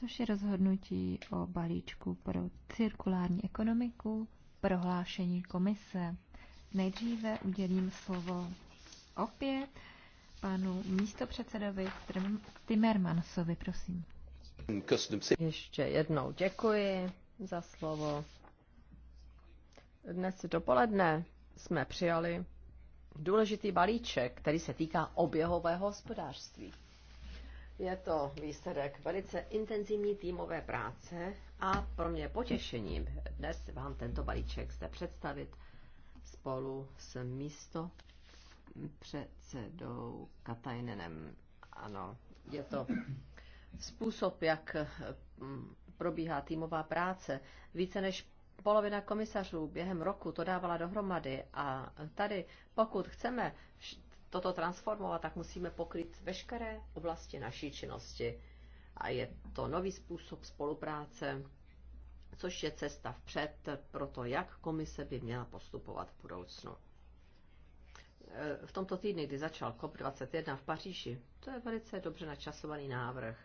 což je rozhodnutí o balíčku pro cirkulární ekonomiku, prohlášení komise. Nejdříve udělím slovo opět panu místopředsedovi Timmermansovi, prosím. Ještě jednou děkuji za slovo. Dnes dopoledne jsme přijali důležitý balíček, který se týká oběhového hospodářství. Je to výsledek velice intenzivní týmové práce a pro mě potěšením dnes vám tento balíček zde představit spolu s místo předsedou Katajnenem. Ano, je to způsob, jak mm, probíhá týmová práce. Více než polovina komisařů během roku to dávala dohromady a tady, pokud chceme toto transformovat, tak musíme pokryt veškeré oblasti naší činnosti. A je to nový způsob spolupráce, což je cesta vpřed pro to, jak komise by měla postupovat v budoucnu. E, v tomto týdnu, kdy začal COP21 v Paříži, to je velice dobře načasovaný návrh.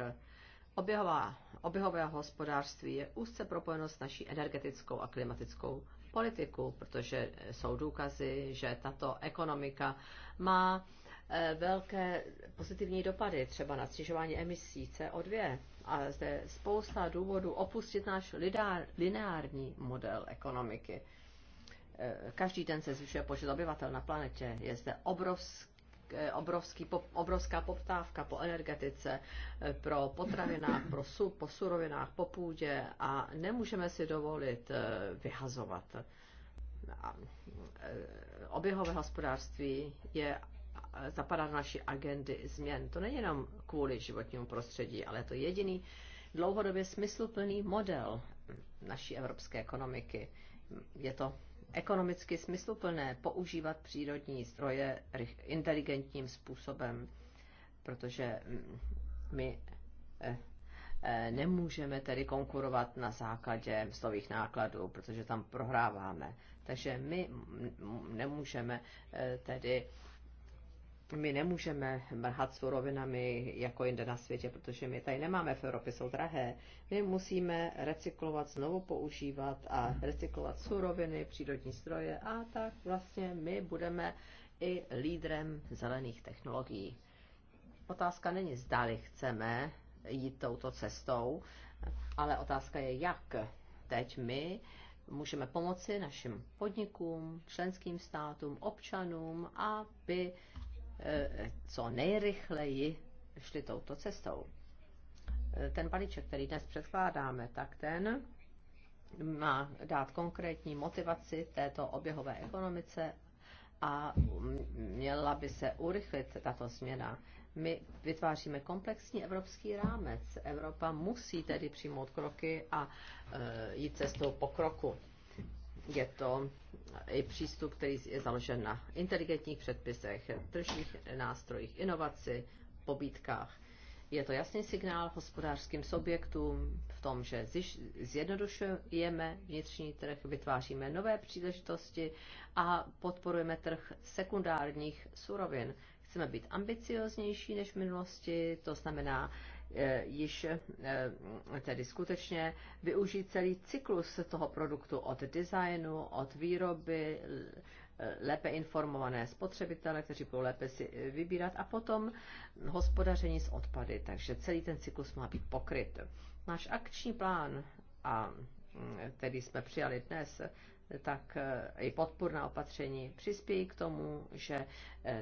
Oběhová, oběhové hospodářství je úzce propojeno s naší energetickou a klimatickou politiku, protože jsou důkazy, že tato ekonomika má eh, velké pozitivní dopady, třeba na snižování emisí CO2. A zde je spousta důvodů opustit náš lineární model ekonomiky. Eh, každý den se zvyšuje počet obyvatel na planetě. Je zde obrovský obrovský, po, obrovská poptávka po energetice, eh, pro potravinách, pro su, po surovinách, po půdě a nemůžeme si dovolit eh, vyhazovat. Eh, oběhové hospodářství je zapadá do naší agendy změn. To není jenom kvůli životnímu prostředí, ale je to jediný dlouhodobě smysluplný model naší evropské ekonomiky. Je to ekonomicky smysluplné používat přírodní zdroje inteligentním způsobem, protože mm, my eh, eh, nemůžeme tedy konkurovat na základě mzdových nákladů, protože tam prohráváme. Takže my mm, nemůžeme eh, tedy my nemůžeme mrhat surovinami jako jinde na světě, protože my tady nemáme v Evropě, jsou drahé. My musíme recyklovat, znovu používat a recyklovat suroviny, přírodní stroje a tak vlastně my budeme i lídrem zelených technologií. Otázka není, zdali chceme jít touto cestou, ale otázka je, jak teď my můžeme pomoci našim podnikům, členským státům, občanům, aby Eh, co nejrychleji šli touto cestou. Eh, ten balíček, který dnes předkládáme, tak ten má dát konkrétní motivaci této oběhové ekonomice a měla by se urychlit tato změna. My vytváříme komplexní evropský rámec. Evropa musí tedy přijmout kroky a eh, jít cestou pokroku je to i přístup, který je založen na inteligentních předpisech, tržních nástrojích, inovaci, pobítkách. Je to jasný signál hospodářským subjektům v tom, že zjednodušujeme vnitřní trh, vytváříme nové příležitosti a podporujeme trh sekundárních surovin. Chceme být ambicioznější než v minulosti, to znamená Eh, již eh, tedy skutečně využít celý cyklus toho produktu od designu, od výroby, eh, lépe informované spotřebitele, kteří budou lépe si vybírat a potom hospodaření s odpady. Takže celý ten cyklus má být pokryt. Náš akční plán, a který mm, jsme přijali dnes, tak i podpůrná opatření přispějí k tomu, že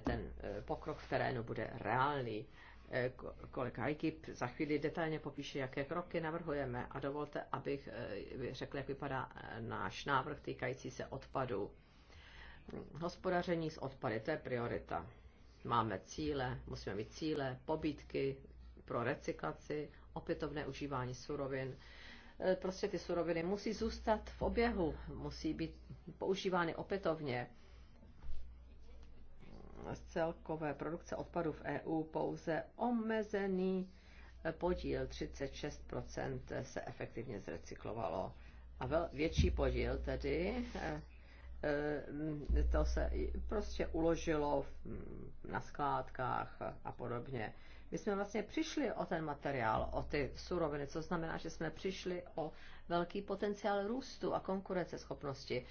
ten pokrok v terénu bude reálný. Eh, kolega Hajkip za chvíli detailně popíše, jaké kroky navrhujeme a dovolte, abych eh, řekl, jak vypadá eh, náš návrh týkající se odpadů. Hospodaření s odpady, to je priorita. Máme cíle, musíme mít cíle, pobídky pro recyklaci, opětovné užívání surovin. Prostě ty suroviny musí zůstat v oběhu, musí být používány opětovně z celkové produkce odpadu v EU pouze omezený podíl 36 se efektivně zrecyklovalo. A vel, větší podíl tedy eh, to se prostě uložilo na skládkách a podobně. My jsme vlastně přišli o ten materiál, o ty suroviny, co znamená, že jsme přišli o velký potenciál růstu a konkurenceschopnosti.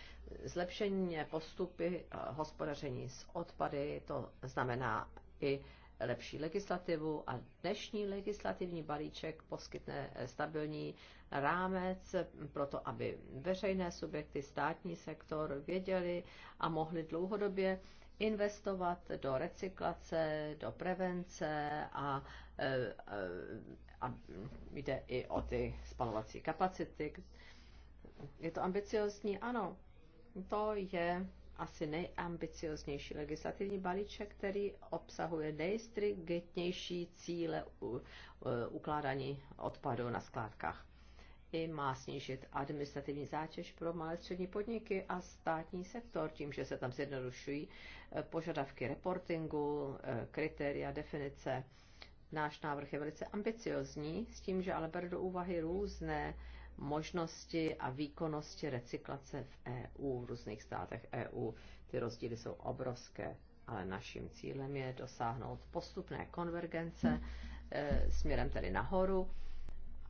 Zlepšení postupy eh, hospodaření s odpady, to znamená i lepší legislativu a dnešní legislativní balíček poskytne eh, stabilní rámec pro to, aby veřejné subjekty, státní sektor věděli a mohli dlouhodobě investovat do recyklace, do prevence a, a, e, e, a jde i o ty spalovací kapacity. Je to ambiciozní? Ano, to je asi nejambicioznější legislativní balíček, který obsahuje nejstrigitnější cíle u, u, e, ukládání odpadu na skládkách i má snížit administrativní zátěž pro malé střední podniky a státní sektor, tím, že se tam zjednodušují eh, požadavky reportingu, eh, kritéria, definice. Náš návrh je velice ambiciozní, s tím, že ale bere do úvahy různé možnosti a výkonnosti recyklace v EU, v různých státech EU. Ty rozdíly jsou obrovské, ale naším cílem je dosáhnout postupné konvergence e, směrem tedy nahoru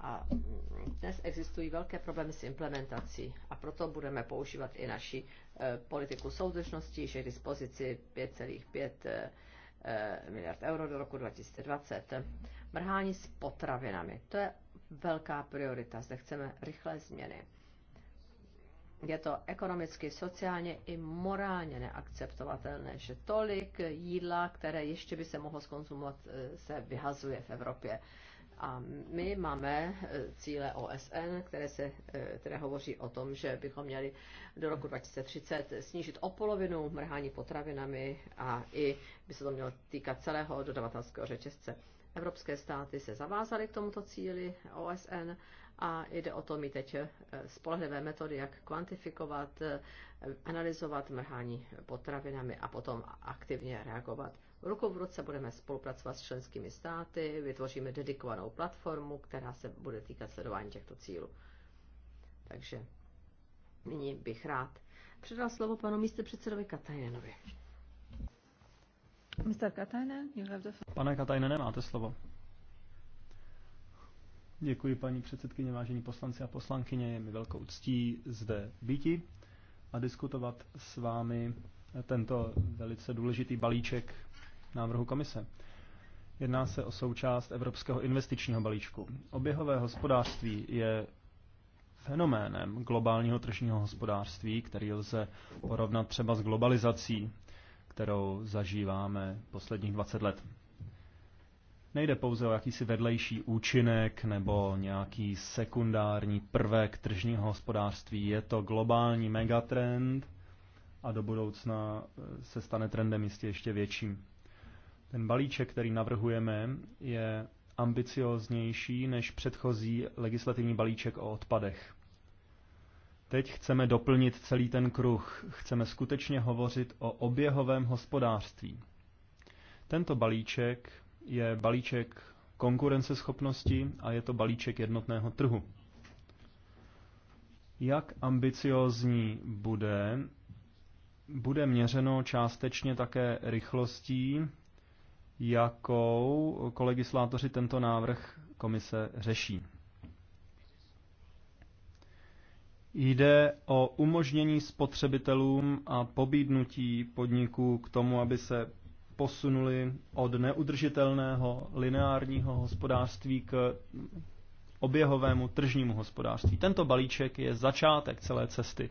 a dnes existují velké problémy s implementací a proto budeme používat i naši eh, politiku soudržnosti, že je k dispozici 5,5 eh, eh, miliard euro do roku 2020. Mrhání s potravinami, to je velká priorita, zde chceme rychlé změny. Je to ekonomicky, sociálně i morálně neakceptovatelné, že tolik jídla, které ještě by se mohlo skonzumovat, se vyhazuje v Evropě. A my máme eh, cíle OSN, které, se, eh, které hovoří o tom, že bychom měli do roku 2030 snížit o polovinu mrhání potravinami a i by se to mělo týkat celého dodavatelského řetězce. Evropské státy se zavázaly k tomuto cíli OSN a jde o to mít teď eh, spolehlivé metody, jak kvantifikovat, analyzovat mrhání potravinami a potom aktivně reagovat. Ruku v ruce budeme spolupracovat s členskými státy, vytvoříme dedikovanou platformu, která se bude týkat sledování těchto cílů. Takže nyní bych rád předal slovo panu předsedovi Katajenovi. Mr. Katajnen, you have the... Pane Katajnene, máte slovo. Děkuji paní předsedkyně, vážení poslanci a poslankyně. Je mi velkou ctí zde býti a diskutovat s vámi tento velice důležitý balíček návrhu komise. Jedná se o součást Evropského investičního balíčku. Oběhové hospodářství je fenoménem globálního tržního hospodářství, který lze porovnat třeba s globalizací, kterou zažíváme posledních 20 let. Nejde pouze o jakýsi vedlejší účinek nebo nějaký sekundární prvek tržního hospodářství. Je to globální megatrend a do budoucna se stane trendem jistě ještě větším. Ten balíček, který navrhujeme, je ambicioznější než předchozí legislativní balíček o odpadech. Teď chceme doplnit celý ten kruh. Chceme skutečně hovořit o oběhovém hospodářství. Tento balíček je balíček konkurenceschopnosti a je to balíček jednotného trhu. Jak ambiciozní bude, bude měřeno částečně také rychlostí, jakou kolegislátoři tento návrh komise řeší. Jde o umožnění spotřebitelům a pobídnutí podniků k tomu, aby se posunuli od neudržitelného lineárního hospodářství k oběhovému tržnímu hospodářství. Tento balíček je začátek celé cesty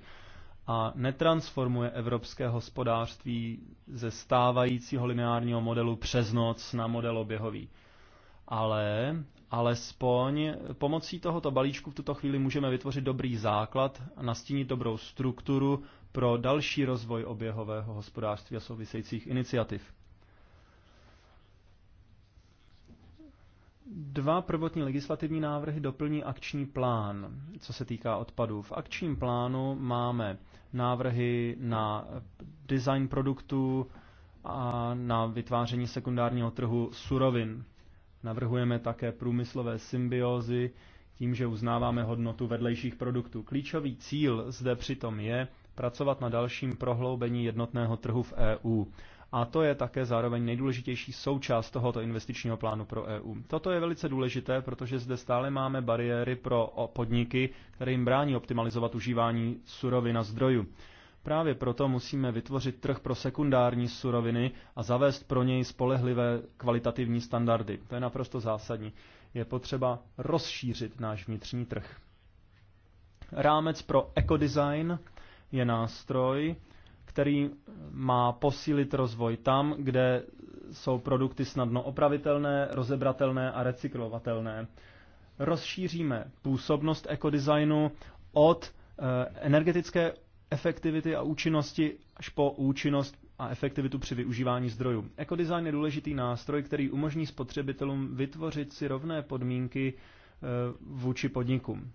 a netransformuje evropské hospodářství ze stávajícího lineárního modelu přes noc na model oběhový. Ale alespoň pomocí tohoto balíčku v tuto chvíli můžeme vytvořit dobrý základ a nastínit dobrou strukturu pro další rozvoj oběhového hospodářství a souvisejících iniciativ. Dva prvotní legislativní návrhy doplní akční plán, co se týká odpadů. V akčním plánu máme návrhy na design produktů a na vytváření sekundárního trhu surovin. Navrhujeme také průmyslové symbiozy tím, že uznáváme hodnotu vedlejších produktů. Klíčový cíl zde přitom je pracovat na dalším prohloubení jednotného trhu v EU a to je také zároveň nejdůležitější součást tohoto investičního plánu pro EU. Toto je velice důležité, protože zde stále máme bariéry pro podniky, které jim brání optimalizovat užívání surovin a zdrojů. Právě proto musíme vytvořit trh pro sekundární suroviny a zavést pro něj spolehlivé kvalitativní standardy. To je naprosto zásadní. Je potřeba rozšířit náš vnitřní trh. Rámec pro ekodesign je nástroj, který má posílit rozvoj tam, kde jsou produkty snadno opravitelné, rozebratelné a recyklovatelné. Rozšíříme působnost ekodesignu od eh, energetické efektivity a účinnosti až po účinnost a efektivitu při využívání zdrojů. Ekodesign je důležitý nástroj, který umožní spotřebitelům vytvořit si rovné podmínky eh, vůči podnikům.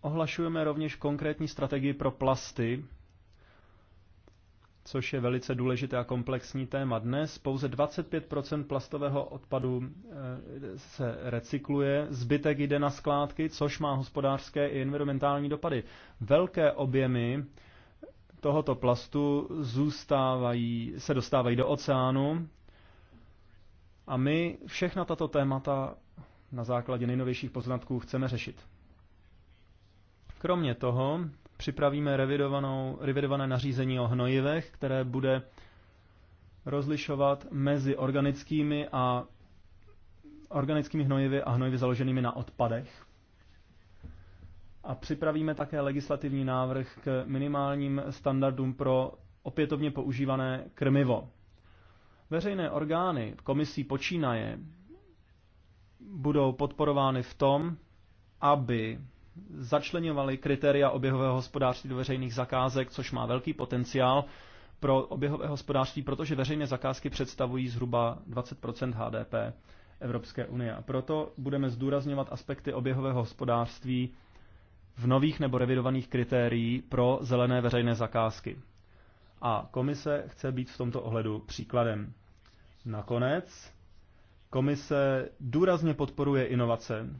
Ohlašujeme rovněž konkrétní strategii pro plasty, což je velice důležité a komplexní téma. Dnes pouze 25 plastového odpadu eh, se recykluje, zbytek jde na skládky, což má hospodářské i environmentální dopady. Velké objemy tohoto plastu zůstávají, se dostávají do oceánu a my všechna tato témata na základě nejnovějších poznatků chceme řešit. Kromě toho připravíme revidovanou, revidované nařízení o hnojivech, které bude rozlišovat mezi organickými a organickými hnojivy a hnojivy založenými na odpadech. A připravíme také legislativní návrh k minimálním standardům pro opětovně používané krmivo. Veřejné orgány komisí počínaje budou podporovány v tom, aby začlenovali kritéria oběhového hospodářství do veřejných zakázek, což má velký potenciál pro oběhové hospodářství, protože veřejné zakázky představují zhruba 20 HDP Evropské unie. A proto budeme zdůrazňovat aspekty oběhového hospodářství v nových nebo revidovaných kritérií pro zelené veřejné zakázky. A komise chce být v tomto ohledu příkladem. Nakonec komise důrazně podporuje inovace,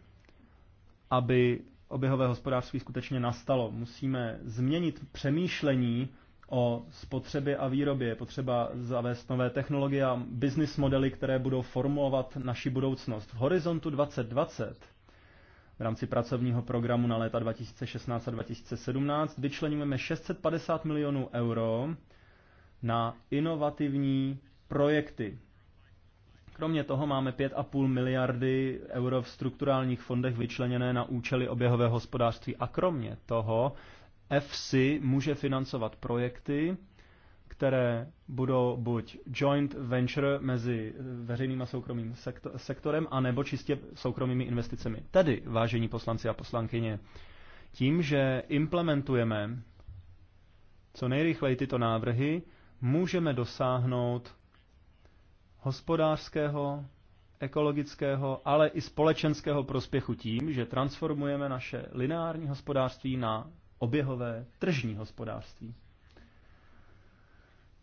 aby oběhové hospodářství skutečně nastalo. Musíme změnit přemýšlení o spotřebě a výrobě. Je potřeba zavést nové technologie a business modely, které budou formulovat naši budoucnost. V horizontu 2020 v rámci pracovního programu na léta 2016 a 2017 vyčleníme 650 milionů euro na inovativní projekty Kromě toho máme 5,5 miliardy euro v strukturálních fondech vyčleněné na účely oběhového hospodářství. A kromě toho EFSI může financovat projekty, které budou buď joint venture mezi veřejným a soukromým sektorem, anebo čistě soukromými investicemi. Tedy, vážení poslanci a poslankyně, tím, že implementujeme co nejrychleji tyto návrhy, můžeme dosáhnout hospodářského, ekologického, ale i společenského prospěchu tím, že transformujeme naše lineární hospodářství na oběhové tržní hospodářství.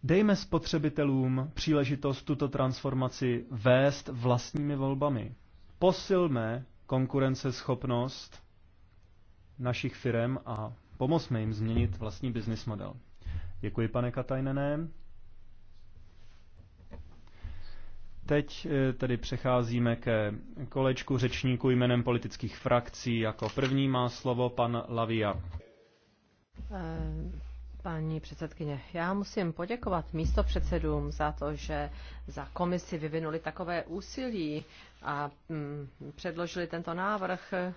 Dejme spotřebitelům příležitost tuto transformaci vést vlastními volbami. Posilme konkurenceschopnost našich firm a pomozme jim změnit vlastní business model. Děkuji, pane Katajnené. Teď eh, tedy přecházíme ke kolečku řečníků jménem politických frakcí. Jako první má slovo pan Lavia. Eh, paní předsedkyně, já musím poděkovat místo předsedům za to, že za komisi vyvinuli takové úsilí a mm, předložili tento návrh, eh,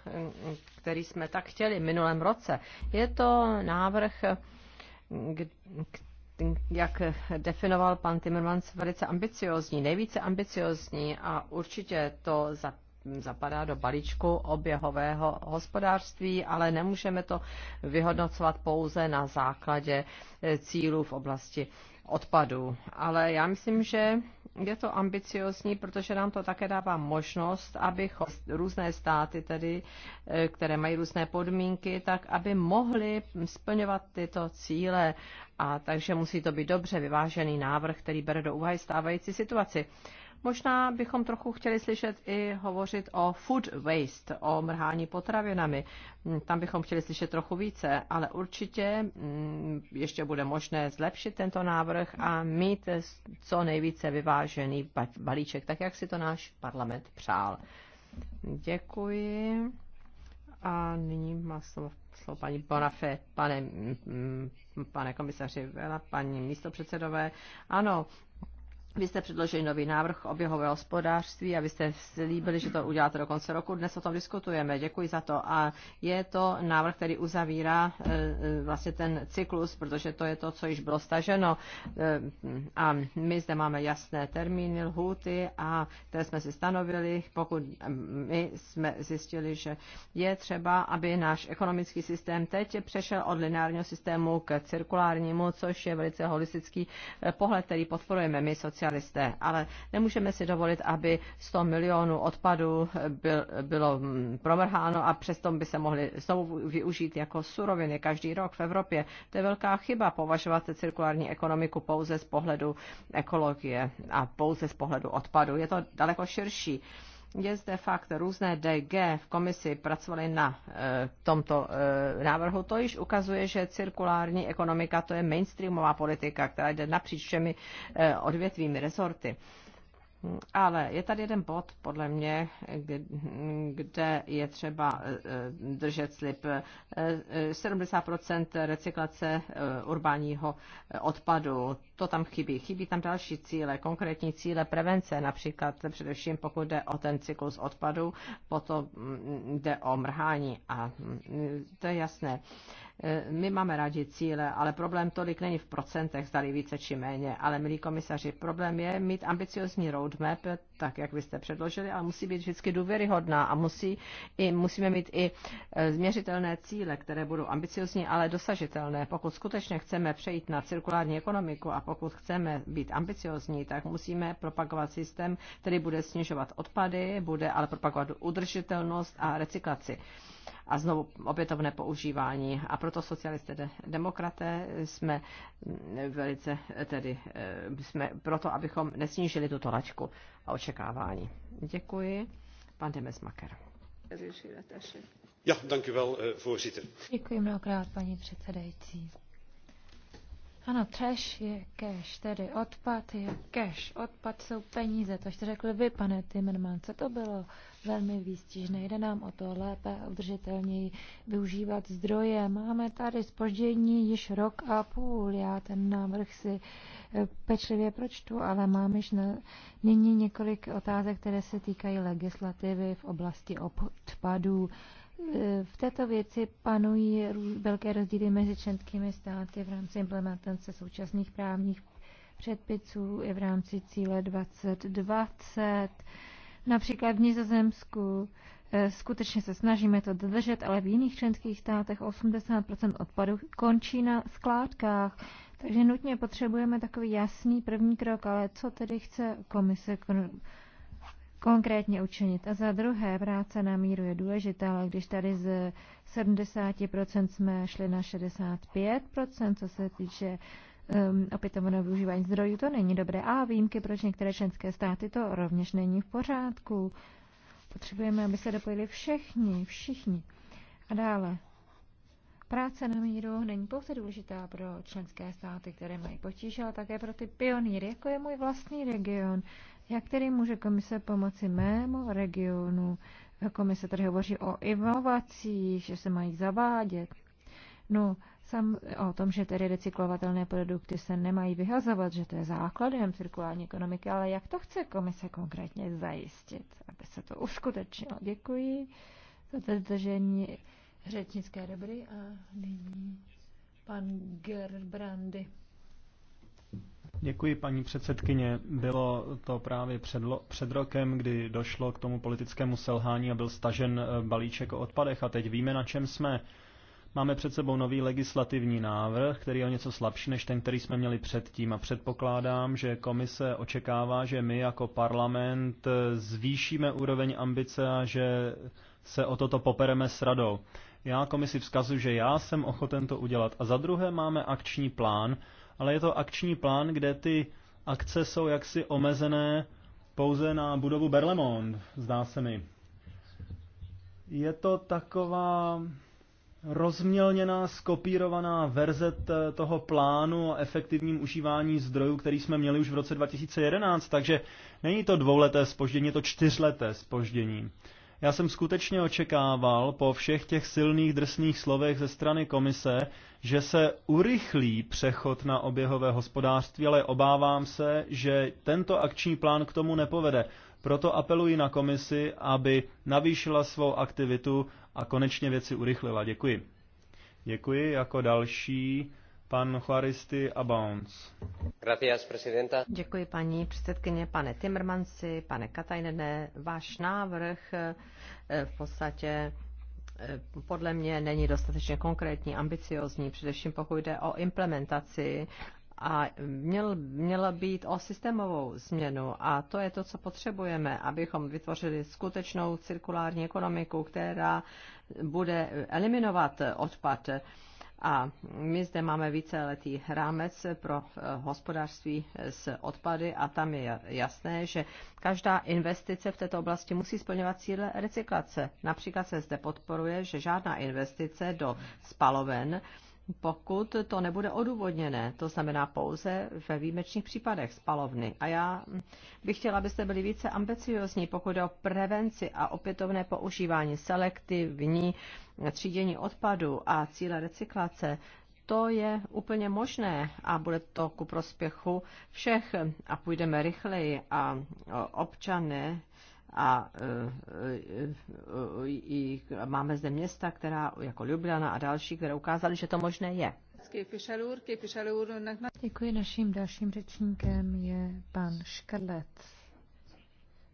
který jsme tak chtěli v minulém roce. Je to návrh, jak definoval pan Timmermans, velice ambiciozní, nejvíce ambiciozní a určitě to za zapadá do balíčku oběhového hospodářství, ale nemůžeme to vyhodnocovat pouze na základě eh, cílů v oblasti odpadů. Ale já myslím, že je to ambiciozní, protože nám to také dává možnost, aby různé státy, tedy, eh, které mají různé podmínky, tak aby mohly splňovat tyto cíle. A takže musí to být dobře vyvážený návrh, který bere do úvahy stávající situaci. Možná bychom trochu chtěli slyšet i hovořit o food waste, o mrhání potravinami. Hmm, tam bychom chtěli slyšet trochu více, ale určitě hmm, ještě bude možné zlepšit tento návrh a mít co nejvíce vyvážený balíček, tak jak si to náš parlament přál. Děkuji. A nyní má slovo, slovo paní Bonafé, pane, hmm, pane komisaři Vela, paní místopředsedové. Ano, vy jste předložili nový návrh oběhového hospodářství a vy jste slíbili, že to uděláte do konce roku. Dnes o tom diskutujeme. Děkuji za to. A je to návrh, který uzavírá e, e, vlastně ten cyklus, protože to je to, co již bylo staženo. E, a my zde máme jasné termíny, lhůty, a které jsme si stanovili, pokud my jsme zjistili, že je třeba, aby náš ekonomický systém teď přešel od lineárního systému k cirkulárnímu, což je velice holistický pohled, který podporujeme my sociální socialisté, ale nemůžeme si dovolit, aby 100 milionů odpadů byl, bylo mm, promrháno a přesto by se mohly znovu využít jako suroviny každý rok v Evropě. To je velká chyba považovat cirkulární ekonomiku pouze z pohledu ekologie a pouze z pohledu odpadu. Je to daleko širší. Je zde fakt, různé DG v komisi pracovali na e, tomto e, návrhu. To již ukazuje, že cirkulární ekonomika to je mainstreamová politika, která jde napříč všemi e, eh, odvětvými rezorty. E, ale je tady jeden bod, podle mě, kde je třeba eh, eh, držet slib. 70% eh, recyklace urbáního odpadu, to tam chybí. Chybí tam další cíle, konkrétní cíle prevence, například především pokud jde o ten cyklus odpadu, potom mm, jde o mrhání a mm, to je jasné. E, my máme rádi cíle, ale problém tolik není v procentech, zdali více či méně, ale milí komisaři, problém je mít ambiciozní roadmap, tak jak vy jste předložili, ale musí být vždycky důvěryhodná a musí i, musíme mít i e, změřitelné cíle, které budou ambiciozní, ale dosažitelné. Pokud skutečně chceme přejít na cirkulární ekonomiku a pokud chceme být ambiciozní, tak musíme propagovat systém, který bude snižovat odpady, bude ale propagovat udržitelnost a recyklaci a znovu opětovné používání. A proto socialisté demokraté jsme velice, tedy eh, jsme proto, abychom nesnížili tuto lačku a očekávání. Děkuji. Pan Demesmaker. Ja, dank u wel, eh, voorzitter. Děkuji mnohokrát, paní předsedající. Ano, trash je cash, tedy odpad je cash. Odpad jsou peníze, to jste řekli vy, pane Timmerman, co to bylo velmi výstižné. Jde nám o to lépe a udržitelněji využívat zdroje. Máme tady spoždění již rok a půl. Já ten návrh si eh, pečlivě pročtu, ale mám již na, nyní několik otázek, které se týkají legislativy v oblasti odpadů v této věci panují velké rozdíly mezi členskými státy v rámci implementace současných právních předpisů i v rámci cíle 2020. Například v Nizozemsku eh, skutečně se snažíme to dodržet, ale v jiných členských státech 80 odpadu končí na skládkách. Takže nutně potřebujeme takový jasný první krok, ale co tedy chce komise konkrétně učinit. A za druhé, práce na míru je důležitá, ale když tady z 70% jsme šli na 65%, co se týče um, opětovného využívání zdrojů, to není dobré. A výjimky, proč některé členské státy, to rovněž není v pořádku. Potřebujeme, aby se dopojili všichni, všichni. A dále. Práce na míru není pouze důležitá pro členské státy, které mají potíže, ale také pro ty pionýry, jako je můj vlastní region. Jak tedy může komise pomoci mému regionu? Komise tady hovoří o inovacích, že se mají zavádět. No, sam o tom, že tedy recyklovatelné produkty se nemají vyhazovat, že to je základem cirkulární ekonomiky, ale jak to chce komise konkrétně zajistit, aby se to uskutečnilo? Děkuji za dodržení řečnické dobry a nyní pan Gerbrandy. Děkuji, paní předsedkyně. Bylo to právě před, před rokem, kdy došlo k tomu politickému selhání a byl stažen eh, balíček o odpadech a teď víme, na čem jsme. Máme před sebou nový legislativní návrh, který je o něco slabší než ten, který jsme měli předtím. A předpokládám, že komise očekává, že my jako parlament eh, zvýšíme úroveň ambice a že se o toto popereme s radou. Já komisi vzkazuji, že já jsem ochoten to udělat. A za druhé máme akční plán, ale je to akční plán, kde ty akce jsou jaksi omezené pouze na budovu Berlemont, zdá se mi. Je to taková rozmělněná, skopírovaná verze toho plánu o efektivním užívání zdrojů, který jsme měli už v roce 2011, takže není to dvouleté spoždění, je to čtyřleté spoždění. Já jsem skutečně očekával po všech těch silných drsných slovech ze strany komise, že se urychlí přechod na oběhové hospodářství, ale obávám se, že tento akční plán k tomu nepovede. Proto apeluji na komisi, aby navýšila svou aktivitu a konečně věci urychlila. Děkuji. Děkuji. Jako další pan Chvaristy Abounds. Děkuji paní předsedkyně, pane Timmermansi, pane Katajnene. Váš návrh eh, v podstatě Eh, podle mě není dostatečně konkrétní, ambiciozní, především pokud jde o implementaci a měl, měla být o systémovou změnu a to je to, co potřebujeme, abychom vytvořili skutečnou cirkulární ekonomiku, která bude eliminovat odpad a my zde máme víceletý rámec pro eh, hospodářství eh, s odpady a tam je jasné, že každá investice v této oblasti musí splňovat cíle recyklace. Například se zde podporuje, že žádná investice do spaloven pokud to nebude odůvodněné, to znamená pouze ve výjimečných případech spalovny. A já bych chtěla, abyste byli více ambiciozní, pokud jde o prevenci a opětovné používání selektivní třídění odpadu a cíle recyklace, to je úplně možné a bude to ku prospěchu všech a půjdeme rychleji a občané a e, e, e, máme zde města, která jako Ljubljana a další, které ukázaly, že to možné je. Děkuji. Naším dalším řečníkem je pan Škrlec.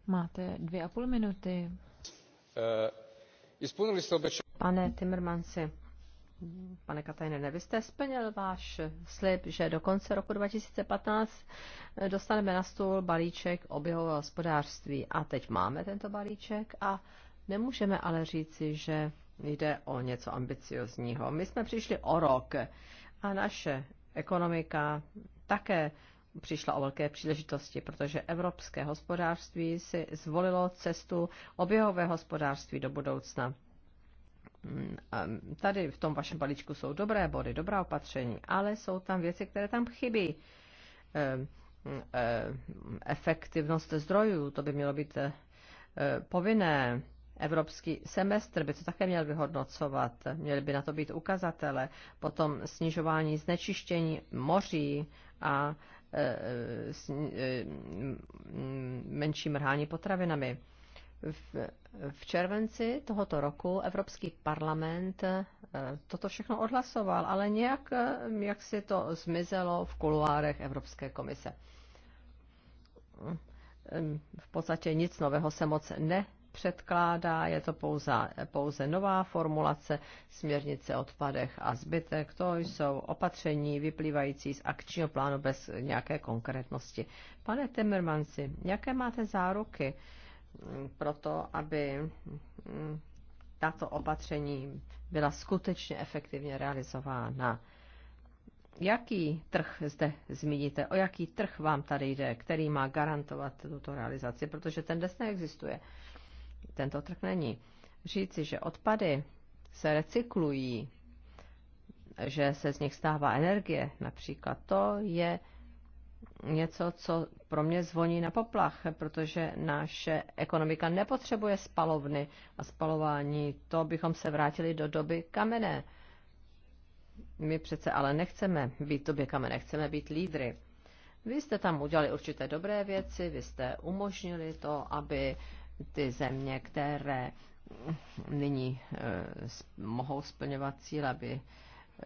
Máte dvě a půl minuty. E, Pane Timmermansi, Pane Katajne, vy jste splnil váš slib, že do konce roku 2015 dostaneme na stůl balíček oběhového hospodářství. A teď máme tento balíček a nemůžeme ale říci, že jde o něco ambiciozního. My jsme přišli o rok a naše ekonomika také přišla o velké příležitosti, protože evropské hospodářství si zvolilo cestu oběhové hospodářství do budoucna tady v tom vašem balíčku jsou dobré body, dobrá opatření, ale jsou tam věci, které tam chybí. Eh, eh, efektivnost zdrojů, to by mělo být eh, povinné. Evropský semestr by to také měl vyhodnocovat, měly by na to být ukazatele, potom snižování znečištění moří a menší mrhání potravinami. V, v červenci tohoto roku Evropský parlament eh, toto všechno odhlasoval, ale nějak eh, jak si to zmizelo v kuluárech Evropské komise. Ehm, v podstatě nic nového se moc ne předkládá, je to pouze, pouze nová formulace směrnice o odpadech a zbytek. To jsou opatření vyplývající z akčního plánu bez nějaké konkrétnosti. Pane Temermanci, jaké máte záruky? proto, aby mm, tato opatření byla skutečně efektivně realizována. Jaký trh zde zmíníte? O jaký trh vám tady jde, který má garantovat tuto realizaci? Protože ten dnes neexistuje. Tento trh není. Říci, že odpady se recyklují, že se z nich stává energie, například to je něco, co pro mě zvoní na poplach, protože naše ekonomika nepotřebuje spalovny a spalování. To bychom se vrátili do doby kamene. My přece ale nechceme být v době kamene, chceme být lídry. Vy jste tam udělali určité dobré věci, vy jste umožnili to, aby ty země, které nyní eh, mohou splňovat cíle, aby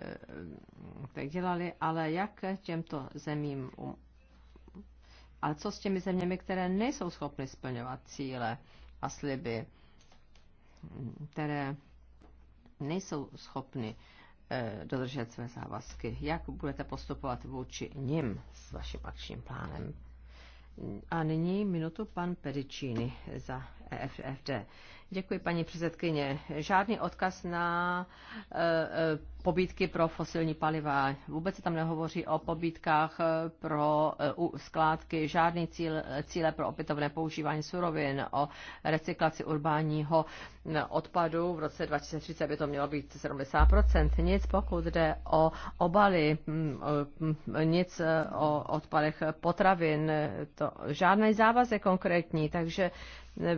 eh, tak dělali, ale jak těmto zemím um- ale co s těmi zeměmi, které nejsou schopny splňovat cíle a sliby, které nejsou schopny eh, dodržet své závazky? Jak budete postupovat vůči nim s vaším akčním plánem? A nyní minutu pan Pedicini za EFD. Děkuji, paní předsedkyně. Žádný odkaz na e, e, pobídky pro fosilní paliva. Vůbec se tam nehovoří o pobídkách e, pro skládky, žádný cíl, cíle pro opětovné používání surovin, o recyklaci urbánního odpadu. V roce 2030 by to mělo být 70%. Nic pokud jde o obaly, nic o odpadech potravin, to, žádný závazek konkrétní, takže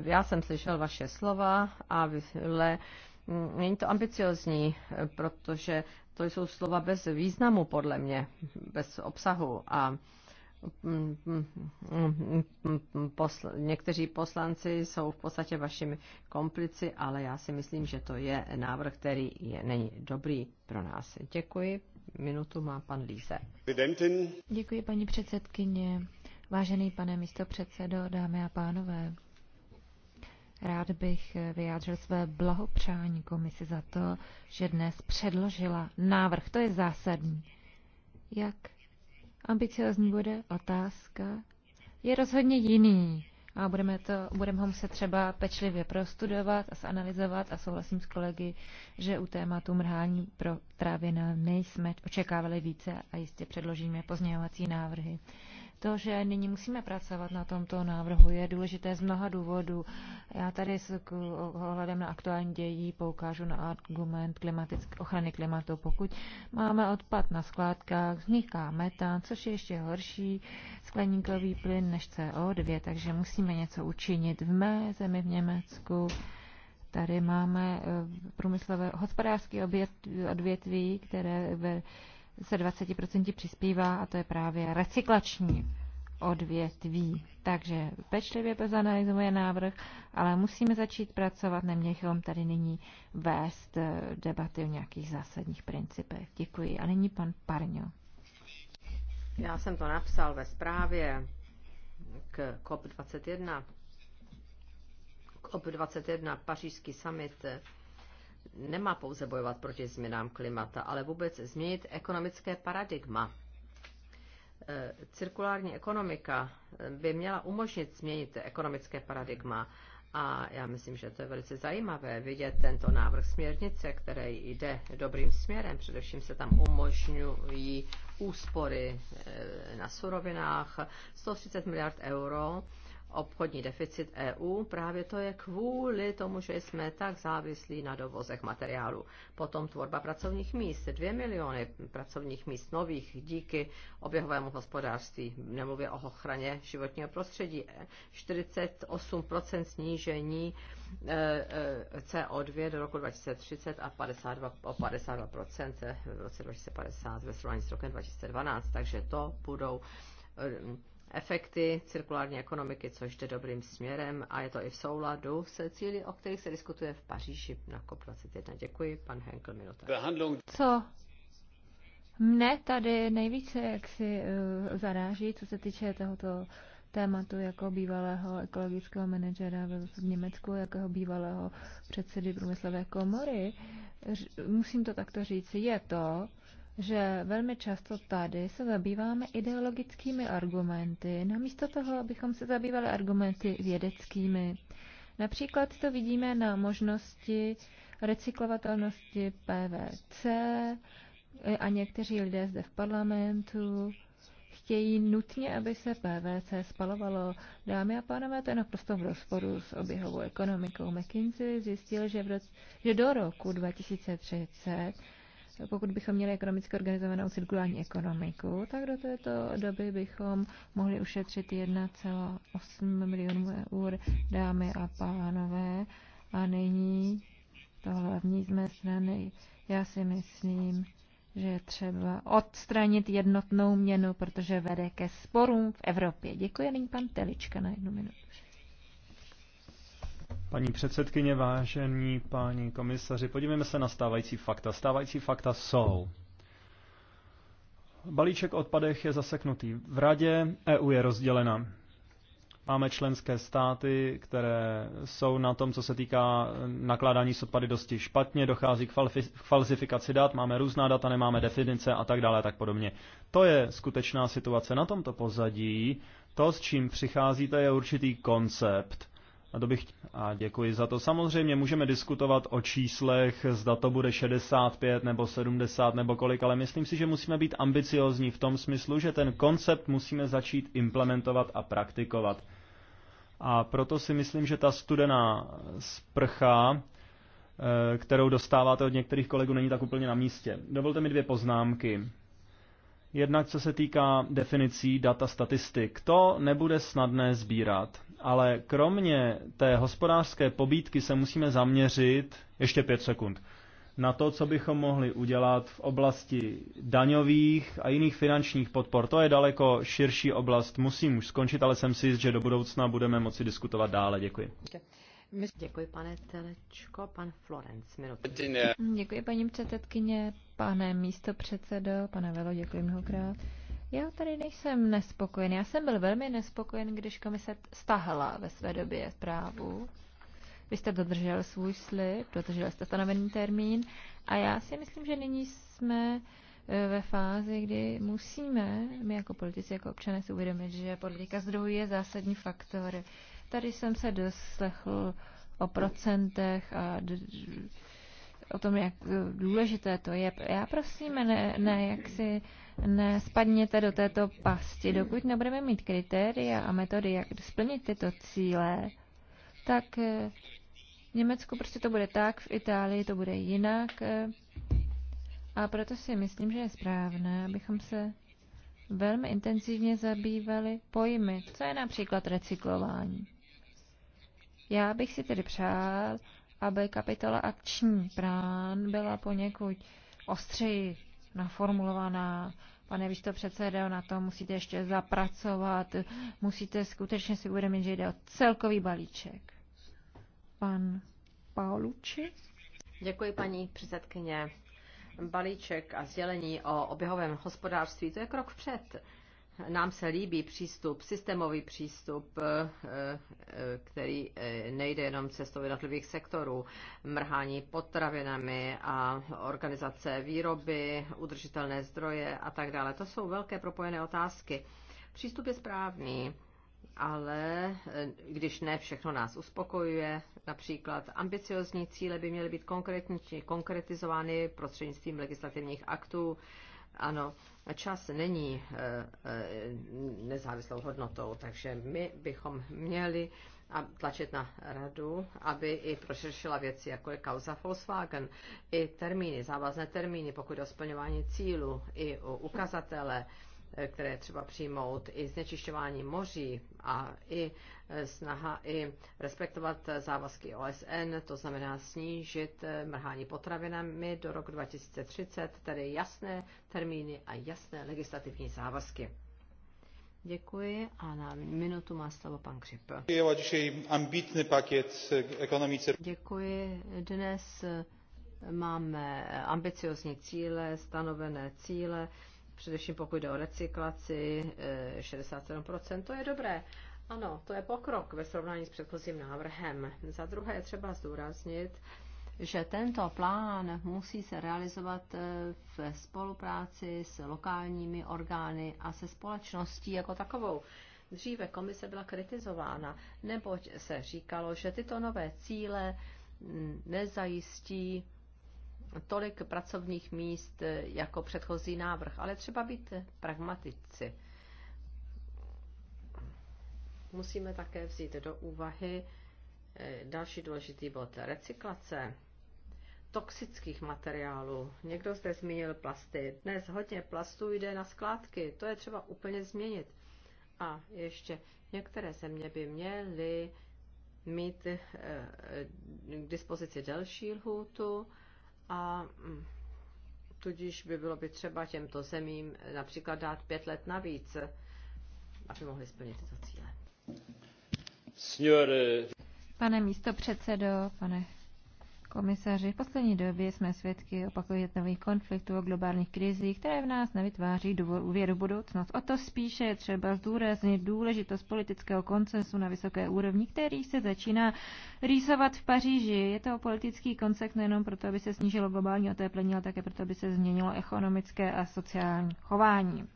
já jsem slyšel vaše slova, a vyhle. Mm, není to ambiciozní, protože to jsou slova bez významu, podle mě, bez obsahu. A mm, mm, posl- někteří poslanci jsou v podstatě vašimi komplici, ale já si myslím, že to je návrh, který je, není dobrý pro nás. Děkuji. Minutu má pan Líze. Děkuji, paní předsedkyně. Vážený pane místopředsedo, dámy a pánové. Rád bych eh, vyjádřil své blahopřání komisi za to, že dnes předložila návrh. To je zásadní. Jak ambiciozní bude otázka? Je rozhodně jiný. A budeme, to, budeme ho muset třeba pečlivě prostudovat a zanalizovat a souhlasím s kolegy, že u tématu mrhání pro trávě nejsme očekávali více a jistě předložíme pozměňovací návrhy. To, že nyní musíme pracovat na tomto návrhu, je důležité z mnoha důvodů. Já tady s ohledem na aktuální dějí poukážu na argument klimatické ochrany klimatu. Pokud máme odpad na skládkách, vzniká metán, což je ještě horší skleníkový plyn než CO2, takže musíme něco učinit v mé zemi v Německu. Tady máme eh, průmyslové hospodářské odvětví, které ve se 20% přispívá a to je právě recyklační odvětví. Takže pečlivě zanalizuje návrh, ale musíme začít pracovat, Neměl bychom tady nyní vést eh, debaty o nějakých zásadních principech. Děkuji. A nyní pan Parňo. Já jsem to napsal ve zprávě k COP21. COP21, pařížský summit eh, nemá pouze bojovat proti změnám klimata, ale vůbec změnit ekonomické paradigma. Eh, cirkulární ekonomika eh, by měla umožnit změnit ekonomické paradigma a já myslím, že to je velice zajímavé vidět tento návrh směrnice, který jde dobrým směrem. Především se tam umožňují úspory eh, na surovinách 130 miliard euro obchodní deficit EU, právě to je kvůli tomu, že jsme tak závislí na dovozech materiálu. Potom tvorba pracovních míst, dvě miliony pracovních míst nových díky oběhovému hospodářství, nemluvě o ochraně životního prostředí, 48% snížení e, e, CO2 do roku 2030 a 52, o 52% v roce 2050 ve srovnání s rokem 2012, takže to budou e, efekty cirkulární ekonomiky, což jde dobrým směrem a je to i v souladu se cíly, o kterých se diskutuje v Paříži na COP21. Děkuji, pan Henkel Minuta. Co mne tady nejvíce jak si uh, eh, zaráží, co se týče tohoto tématu jako bývalého ekologického manažera v Německu, jako bývalého předsedy průmyslové komory, musím to takto říct, je to, že velmi často tady se zabýváme ideologickými argumenty, namísto toho, abychom se zabývali argumenty vědeckými. Například to vidíme na možnosti recyklovatelnosti PVC e, a někteří lidé zde v parlamentu chtějí nutně, aby se PVC spalovalo. Dámy a pánové, to je naprosto v rozporu s oběhovou ekonomikou. McKinsey zjistil, že, v roce, že do roku 2030 pokud bychom měli ekonomicky organizovanou cirkulární ekonomiku, tak do této doby bychom mohli ušetřit 1,8 milionů eur, dámy a pánové. A nyní to hlavní z mé strany, já si myslím, že je třeba odstranit jednotnou měnu, protože vede ke sporům v Evropě. Děkuji, nyní pan Telička na jednu minutu. Paní předsedkyně, vážení páni komisaři, podívejme se na stávající fakta. Stávající fakta jsou. Balíček odpadech je zaseknutý. V radě EU je rozdělena. Máme členské státy, které jsou na tom, co se týká nakládání s odpady dosti špatně, dochází k, k falsifikaci dat, máme různá data, nemáme definice a tak dále a tak podobně. To je skutečná situace na tomto pozadí. To, s čím přicházíte, je určitý koncept, a, to bych, a děkuji za to. Samozřejmě můžeme diskutovat o číslech, zda to bude 65 nebo 70 nebo kolik, ale myslím si, že musíme být ambiciozní v tom smyslu, že ten koncept musíme začít implementovat a praktikovat. A proto si myslím, že ta studená sprcha, eh, kterou dostáváte od některých kolegů, není tak úplně na místě. Dovolte mi dvě poznámky. Jednak co se týká definicí data statistik, to nebude snadné sbírat, ale kromě té hospodářské pobídky se musíme zaměřit ještě pět sekund na to, co bychom mohli udělat v oblasti daňových a jiných finančních podpor. To je daleko širší oblast, musím už skončit, ale jsem si jist, že do budoucna budeme moci diskutovat dále. Děkuji. Okay. Děkuji, pane Telečko. Pan Florenc, minutu. Děkuji, paní předsedkyně, pane místo předsedo, pane Velo, děkuji mnohokrát. Já tady nejsem nespokojen. Já jsem byl velmi nespokojen, když komise stahla ve své době zprávu. Vy jste dodržel svůj slib, dodržel jste stanovený termín a já si myslím, že nyní jsme eh, ve fázi, kdy musíme, my jako politici, jako občané si uvědomit, že politika zdrojů je zásadní faktor. Tady jsem se doslechl o procentech a o tom, jak důležité to je. Já prosím, ne, ne jak si nespadněte do této pasti. Dokud nebudeme mít kritéria a metody, jak splnit tyto cíle, tak eh, v Německu prostě to bude tak, v Itálii to bude jinak. Eh, a proto si myslím, že je správné, abychom se velmi intenzivně zabývali pojmy. Co je například recyklování? Já bych si tedy přál, aby kapitola akční prán byla poněkud ostřeji naformulovaná. Pane předsedo, na to musíte ještě zapracovat, musíte skutečně si uvědomit, že jde o celkový balíček. Pan Pauluči? Děkuji, paní předsedkyně. Balíček a sdělení o oběhovém hospodářství, to je krok vpřed. Nám se líbí přístup, systémový přístup, eh, eh, který eh, nejde jenom cestou jednotlivých sektorů, mrhání potravinami a organizace výroby, udržitelné zdroje a tak dále. To jsou velké propojené otázky. Přístup je správný, ale když ne všechno nás uspokojuje, například ambiciozní cíle by měly být konkrétní, konkretizovány prostřednictvím legislativních aktů, ano, čas není eh, eh, nezávislou hodnotou, takže my bychom měli a tlačit na radu, aby i prošeršila věci, jako je kauza Volkswagen, i termíny, závazné termíny, pokud o splňování cílu, i o ukazatele, eh, které třeba přijmout, i znečišťování moří a i Eh, snaha i respektovat závazky OSN, to znamená snížit eh, mrhání potravinami do roku 2030, tedy jasné termíny a jasné legislativní závazky. Děkuji a na minutu má slovo pan Křip. ambitný paket ekonomice. Děkuji. Dnes eh, máme ambiciozní cíle, stanovené cíle, především pokud jde o recyklaci, 67%, to je dobré. Ano, to je pokrok ve srovnání s předchozím návrhem. Za druhé je třeba zdůraznit, že tento plán musí se realizovat eh, v spolupráci s lokálními orgány a se společností jako takovou. Dříve komise byla kritizována, neboť se říkalo, že tyto nové cíle mm, nezajistí tolik pracovních míst eh, jako předchozí návrh, ale třeba být pragmatici musíme také vzít do úvahy eh, další důležitý bod recyklace toxických materiálů. Někdo zde zmínil plasty. Dnes hodně plastů jde na skládky. To je třeba úplně změnit. A ještě některé země by měly mít eh, k dispozici delší lhůtu a mm, tudíž by bylo by třeba těmto zemím například dát pět let navíc, aby mohli splnit tyto cíle. Pane místopředsedo, pane komisaři, v poslední době jsme svědky opakovat nových konfliktů a globálních krizí, které v nás nevytváří důvěru budoucnost. O to spíše je třeba zdůraznit důležitost politického koncensu na vysoké úrovni, který se začíná rýsovat v Paříži. Je to politický koncept, nejenom proto, aby se snížilo globální oteplení, ale také proto, aby se změnilo ekonomické a sociální chování.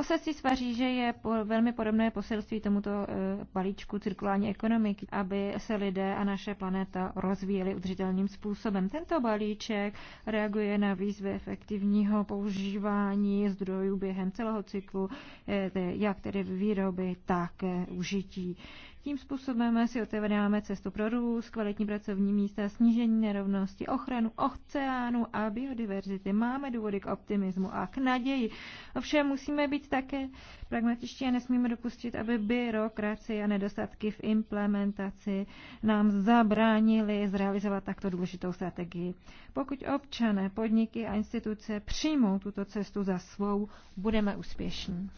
Poselství svaří, že je po, velmi podobné poselství tomuto e, balíčku cirkulární ekonomiky, aby se lidé a naše planeta rozvíjeli udržitelným způsobem. Tento balíček reaguje na výzvy efektivního používání zdrojů během celého cyklu, e, jak tedy výroby, tak e, užití. E, tím způsobem si otevíráme cestu pro růst, kvalitní pracovní místa, snížení nerovnosti, ochranu oceánu a biodiverzity. Máme důvody k optimismu a k naději. Ovšem musíme být také pragmatičtí a nesmíme dopustit, aby byrokracie a nedostatky v implementaci nám zabránili zrealizovat takto důležitou strategii. Pokud občané, podniky a instituce přijmou tuto cestu za svou, budeme úspěšní.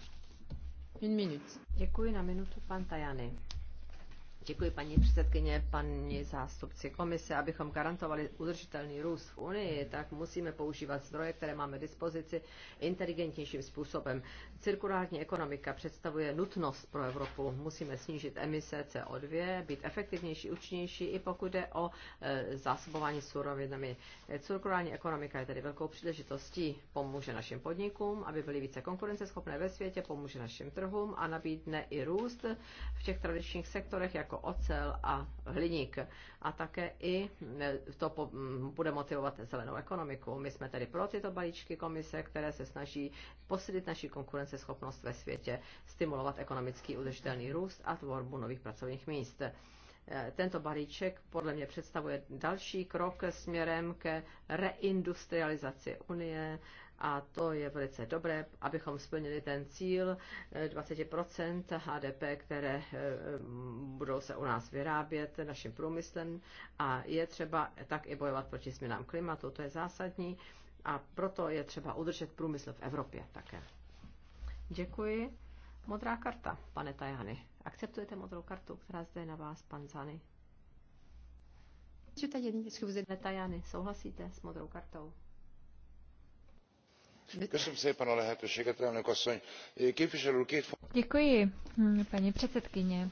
Děkuji na minutu, pan Tajany. Děkuji paní předsedkyně, paní zástupci komise. Abychom garantovali udržitelný růst v Unii, tak musíme používat zdroje, které máme k dispozici inteligentnějším způsobem. Cirkulární ekonomika představuje nutnost pro Evropu. Musíme snížit emise CO2, být efektivnější, účinnější, i pokud jde o e, zásobování surovinami. Cirkulární ekonomika je tedy velkou příležitostí, pomůže našim podnikům, aby byly více konkurenceschopné ve světě, pomůže našim trhům a nabídne i růst v těch tradičních sektorech, jako jako ocel a hliník. A také i e, to bude motivovat zelenou ekonomiku. My jsme tedy pro tyto balíčky komise, které se snaží posilit naši konkurenceschopnost ve světě, stimulovat ekonomický udržitelný růst a tvorbu nových pracovních míst. E, tento balíček podle mě představuje další krok směrem ke reindustrializaci Unie a to je velice dobré, abychom splnili ten cíl 20% eh, HDP, které eh, budou se u nás vyrábět naším průmyslem a je třeba tak i bojovat proti změnám klimatu, to je zásadní a proto je třeba udržet průmysl v Evropě také. Děkuji. Modrá karta, pane Tajany. Akceptujete modrou kartu, která zde je na vás, pan Zany? Pane Tajany, souhlasíte s modrou kartou? Děkuji, hm, paní předsedkyně.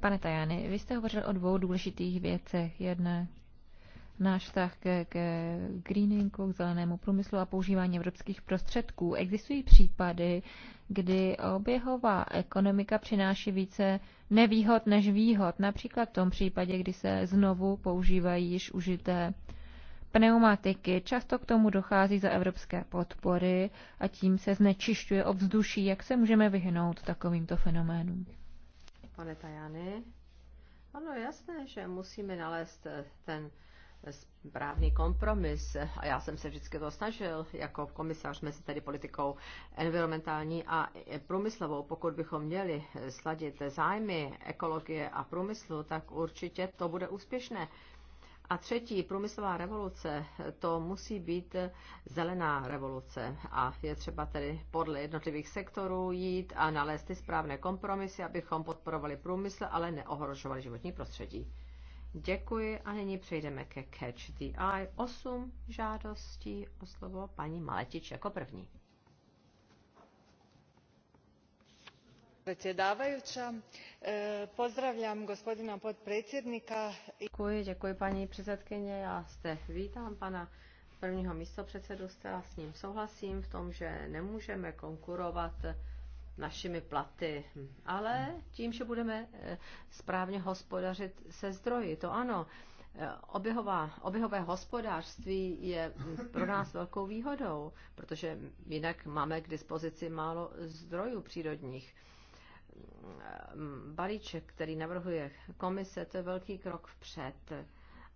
Pane tajani vy jste hovořil o dvou důležitých věcech. Jedna náš vztah k, greeningu, k zelenému průmyslu a používání evropských prostředků. Existují případy, kdy oběhová ekonomika přináší více nevýhod než výhod. Například v tom případě, kdy se znovu používají již užité pneumatiky. Často k tomu dochází za evropské podpory a tím se znečišťuje ovzduší. Jak se můžeme vyhnout takovýmto fenoménům? Pane Tajany, ano, jasné, že musíme nalézt eh, ten eh, správný kompromis. A já jsem se vždycky to snažil jako komisař mezi tedy politikou environmentální a eh, průmyslovou. Pokud bychom měli sladit zájmy ekologie a průmyslu, tak určitě to bude úspěšné. A třetí, průmyslová revoluce, to musí být zelená revoluce a je třeba tedy podle jednotlivých sektorů jít a nalézt ty správné kompromisy, abychom podporovali průmysl, ale neohrožovali životní prostředí. Děkuji a nyní přejdeme ke Catch the Eye. Osm žádostí o slovo paní Maletič jako první. Eh, pozdravljam gospodina potpredsjednika. Děkuji, paní předsedkyně. Já zde vítám pana prvního místopředsedu. Zcela s ním souhlasím v tom, že nemůžeme konkurovat našimi platy, ale tím, že budeme eh, správně hospodařit se zdroji, to ano. Eh, oběhová, oběhové hospodářství je mm, pro nás velkou výhodou, protože jinak máme k dispozici málo zdrojů přírodních. Eh, balíček, který navrhuje komise, to je velký krok vpřed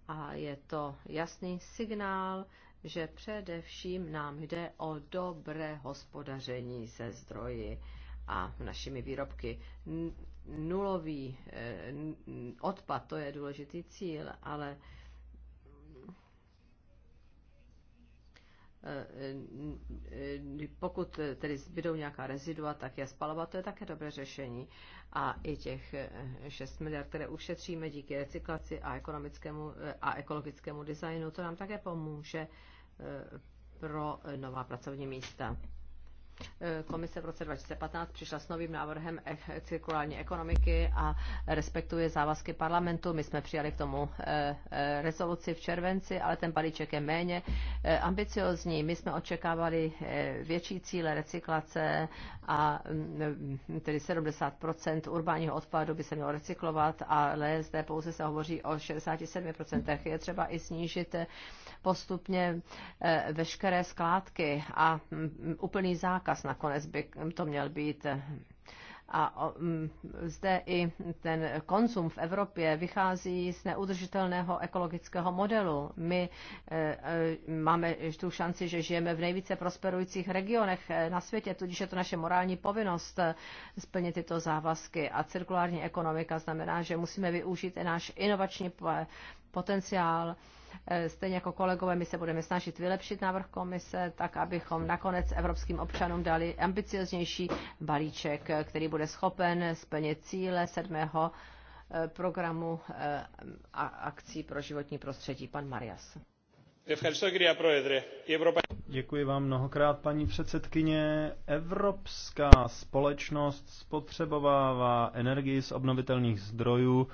a je to jasný signál, že především nám jde o dobré hospodaření se zdroji a našimi výrobky. Nulový eh, odpad, to je důležitý cíl, ale Eh, eh, pokud eh, tedy zbydou nějaká rezidua, tak je spalovat, to je také dobré řešení. A i těch 6 miliard, které ušetříme díky recyklaci a, ekonomickému, a ekologickému designu, to nám také pomůže pro nová pracovní místa. Eh, komise v roce 2015 přišla s novým návrhem cirkulární ekonomiky a respektuje závazky parlamentu. My jsme přijali k tomu eh, eh, rezoluci v červenci, ale ten balíček je méně ambiciozní. My jsme očekávali větší cíle recyklace a mm, tedy 70 urbánního odpadu by se mělo recyklovat, ale zde pouze se hovoří o 67 Je třeba i snížit postupně veškeré skládky a mm, úplný zákaz zákaz nakonec by to měl být. A zde i ten konzum v Evropě vychází z neudržitelného ekologického modelu. My e, e, máme tu šanci, že žijeme v nejvíce prosperujících regionech e, na světě, tudíž je to naše morální povinnost splnit tyto závazky. A cirkulární ekonomika znamená, že musíme využít i náš inovační potenciál Eh, stejně jako kolegové, my se budeme snažit vylepšit návrh komise, tak abychom nakonec evropským občanům dali ambicioznější balíček, eh, který bude schopen splnit cíle sedmého eh, programu a akcí pro životní prostředí. Pan Marias. Děkuji vám mnohokrát, paní předsedkyně. Evropská společnost spotřebovává energii z obnovitelných zdrojů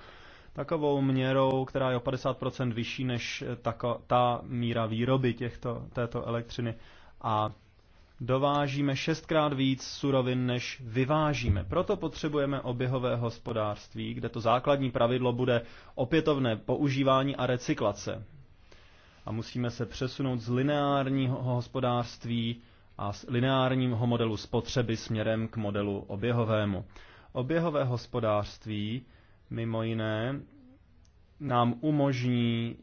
takovou měrou, která je o 50% vyšší než eh, tako, ta míra výroby těchto, této elektřiny. A dovážíme šestkrát víc surovin, než vyvážíme. Proto potřebujeme oběhové hospodářství, kde to základní pravidlo bude opětovné používání a recyklace. A musíme se přesunout z lineárního hospodářství a z lineárního modelu spotřeby směrem k modelu oběhovému. Oběhové hospodářství mimo jiné, nám umožní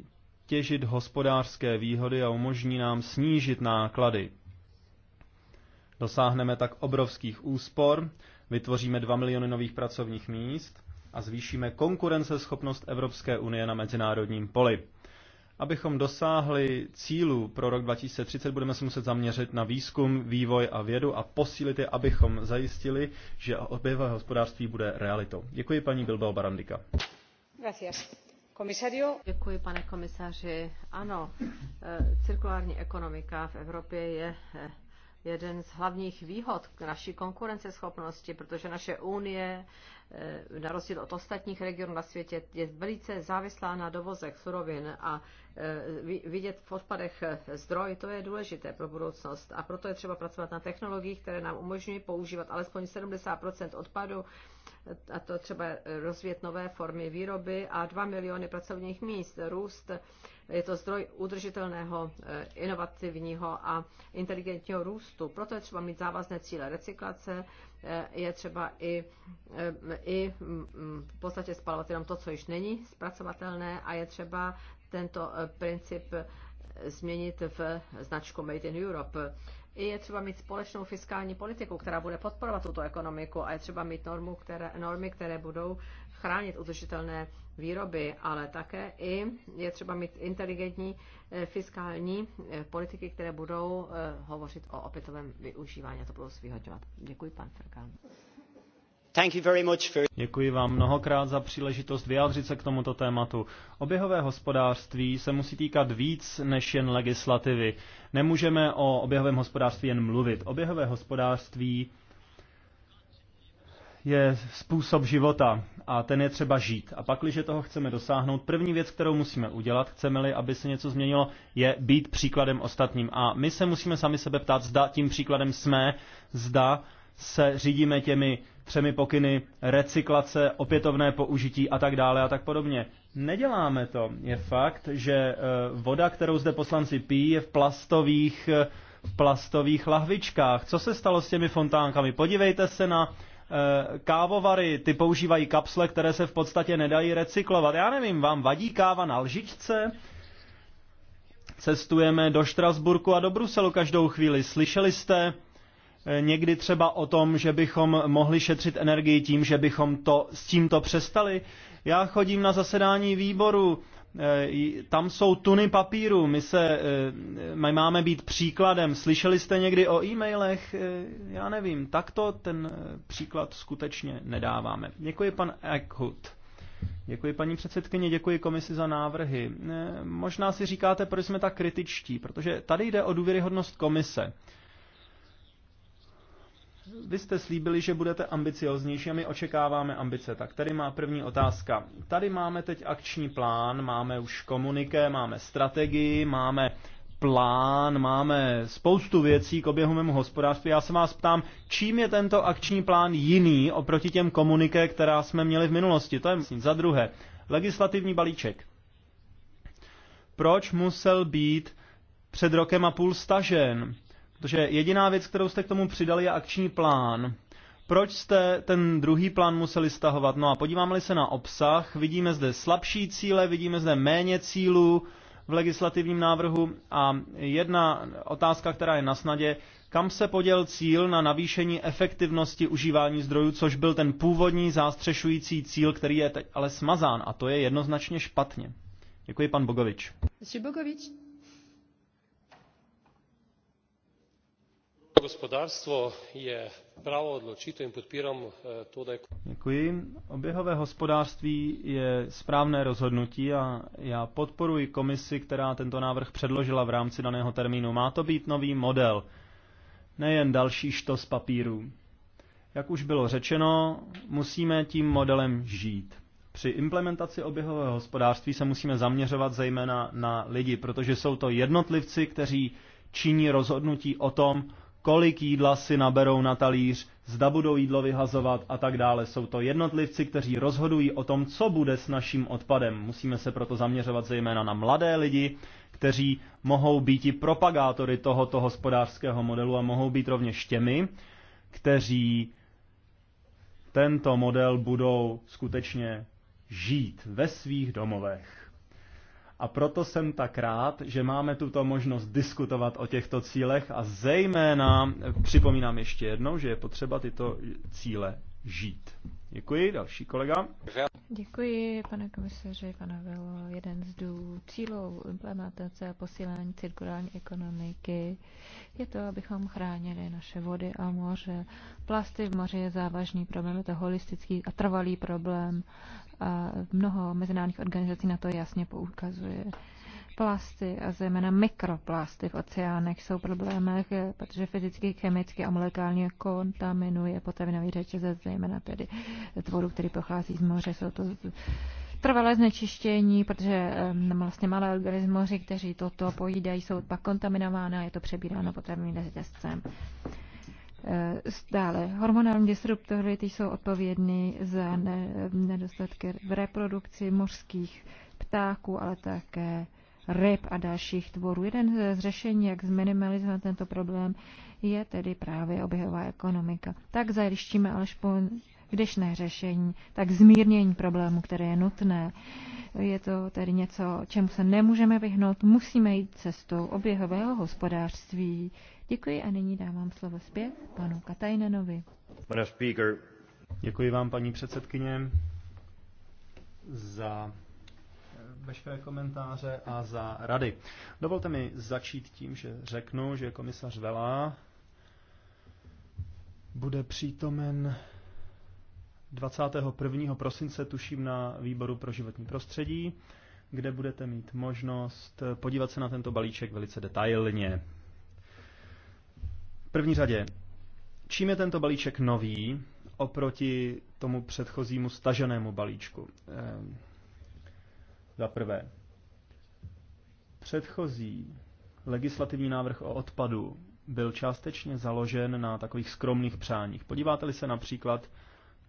těžit hospodářské výhody a umožní nám snížit náklady. Dosáhneme tak obrovských úspor, vytvoříme 2 miliony nových pracovních míst a zvýšíme konkurenceschopnost Evropské unie na mezinárodním poli. Abychom dosáhli cílu pro rok 2030, budeme se muset zaměřit na výzkum, vývoj a vědu a posílit je, abychom zajistili, že oběhové hospodářství bude realitou. Děkuji paní Bilbao Barandika. Gracias. Komisario. Děkuji, pane komisaři. Ano, eh, cirkulární ekonomika v Evropě je eh, jeden z hlavních výhod k naší konkurenceschopnosti, protože naše unie Eh, na rozdíl od ostatních regionů na světě, je velice závislá na dovozech surovin a eh, vidět v odpadech eh, zdroj, to je důležité pro budoucnost. A proto je třeba pracovat na technologiích, které nám umožňují používat alespoň 70 odpadu, a to třeba rozvíjet nové formy výroby a 2 miliony pracovních míst, růst. Je to zdroj udržitelného, inovativního a inteligentního růstu. Proto je třeba mít závazné cíle recyklace, Eh, je třeba i, eh, i mm, v podstatě spalovat jenom to, co již není zpracovatelné a je třeba tento eh, princip změnit v značku Made in Europe. I je třeba mít společnou fiskální politiku, která bude podporovat tuto ekonomiku a je třeba mít normu, které, normy, které budou chránit udržitelné výroby, ale také i je třeba mít inteligentní eh, fiskální eh, politiky, které budou eh, hovořit o opětovém využívání a to budou svýhodňovat. Děkuji, pan Ferkan. For... Děkuji vám mnohokrát za příležitost vyjádřit se k tomuto tématu. Oběhové hospodářství se musí týkat víc než jen legislativy. Nemůžeme o oběhovém hospodářství jen mluvit. Oběhové hospodářství je způsob života a ten je třeba žít. A pak, když toho chceme dosáhnout, první věc, kterou musíme udělat, chceme-li, aby se něco změnilo, je být příkladem ostatním. A my se musíme sami sebe ptát, zda tím příkladem jsme, zda se řídíme těmi třemi pokyny recyklace, opětovné použití a tak dále a tak podobně. Neděláme to. Je fakt, že eh, voda, kterou zde poslanci pijí, je v plastových, eh, v plastových lahvičkách. Co se stalo s těmi fontánkami? Podívejte se na Eh, kávovary, ty používají kapsle, které se v podstatě nedají recyklovat. Já nevím, vám vadí káva na lžičce? Cestujeme do Štrasburku a do Bruselu každou chvíli. Slyšeli jste eh, někdy třeba o tom, že bychom mohli šetřit energii tím, že bychom to s tímto přestali? Já chodím na zasedání výboru Eh, tam jsou tuny papíru, my se, eh, my máme být příkladem. Slyšeli jste někdy o e-mailech? Eh, já nevím, tak to ten příklad skutečně nedáváme. Děkuji pan Eckhut. Děkuji paní předsedkyně, děkuji komisi za návrhy. Možná si říkáte, proč jsme tak kritičtí, protože tady jde o důvěryhodnost komise. Vy jste slíbili, že budete ambicioznější a my očekáváme ambice. Tak tady má první otázka. Tady máme teď akční plán, máme už komuniké, máme strategii, máme plán, máme spoustu věcí k oběhu mému hospodářství. Já se vás ptám, čím je tento akční plán jiný oproti těm komuniké, která jsme měli v minulosti? To je za druhé. Legislativní balíček. Proč musel být před rokem a půl stažen? Protože jediná věc, kterou jste k tomu přidali, je akční plán. Proč jste ten druhý plán museli stahovat? No a podíváme-li se na obsah, vidíme zde slabší cíle, vidíme zde méně cílů v legislativním návrhu a jedna otázka, která je na snadě, kam se poděl cíl na navýšení efektivnosti užívání zdrojů, což byl ten původní zástřešující cíl, který je teď ale smazán a to je jednoznačně špatně. Děkuji, pan Bogovič. Bogovič. gospodarstvo je odločitev in podpiram eh, to, da je... Oběhové hospodářství je správné rozhodnutí a já podporuji komisi, která tento návrh předložila v rámci daného termínu. Má to být nový model, nejen další štos papíru. Jak už bylo řečeno, musíme tím modelem žít. Při implementaci oběhového hospodářství se musíme zaměřovat zejména na lidi, protože jsou to jednotlivci, kteří činí rozhodnutí o tom, kolik jídla si naberou na talíř, zda budou jídlo vyhazovat a tak dále. Jsou to jednotlivci, kteří rozhodují o tom, co bude s naším odpadem. Musíme se proto zaměřovat zejména na mladé lidi, kteří mohou být i propagátory tohoto hospodářského modelu a mohou být rovněž těmi, kteří tento model budou skutečně žít ve svých domovech. A proto jsem tak rád, že máme tuto možnost diskutovat o těchto cílech a zejména eh, připomínám ještě jednou, že je potřeba tyto cíle žít. Děkuji, další kolega. Děkuji, pane komisaři, pane Velo. Jeden z dů cílů implementace a posílení cirkulární ekonomiky je to, abychom chránili naše vody a moře. Plasty v moři je závažný problém, je to holistický a trvalý problém. A mnoho mezinárodních organizací na to jasně poukazuje. Plasty a zejména mikroplasty v oceánech jsou problémech, eh, protože fyzicky, chemicky a molekálně kontaminuje potravinový řetězec, zejména tedy tvoru, který pochází z moře. Jsou to trvalé znečištění, protože eh, vlastně malé organismoři, kteří toto pojídají, jsou pak kontaminována a je to přebíráno potravinovým řetězcem. Eh, dále, hormonální disruptory ty jsou odpovědny za nedostatky v reprodukci mořských ptáků, ale také ryb a dalších tvorů. Jeden z řešení, jak zminimalizovat tento problém, je tedy právě oběhová ekonomika. Tak zajištíme alespoň když ne řešení, tak zmírnění problému, které je nutné. Je to tedy něco, čemu se nemůžeme vyhnout, musíme jít cestou oběhového hospodářství. Děkuji a nyní dávám slovo zpět panu Katajnenovi. Děkuji vám, paní předsedkyně, za veškeré komentáře a za rady. Dovolte mi začít tím, že řeknu, že komisař Vela bude přítomen 21. prosince, tuším, na výboru pro životní prostředí, kde budete mít možnost podívat se na tento balíček velice detailně. V první řadě, čím je tento balíček nový oproti tomu předchozímu staženému balíčku? Ehm, za prvé, předchozí legislativní návrh o odpadu byl částečně založen na takových skromných přáních. Podíváte-li se například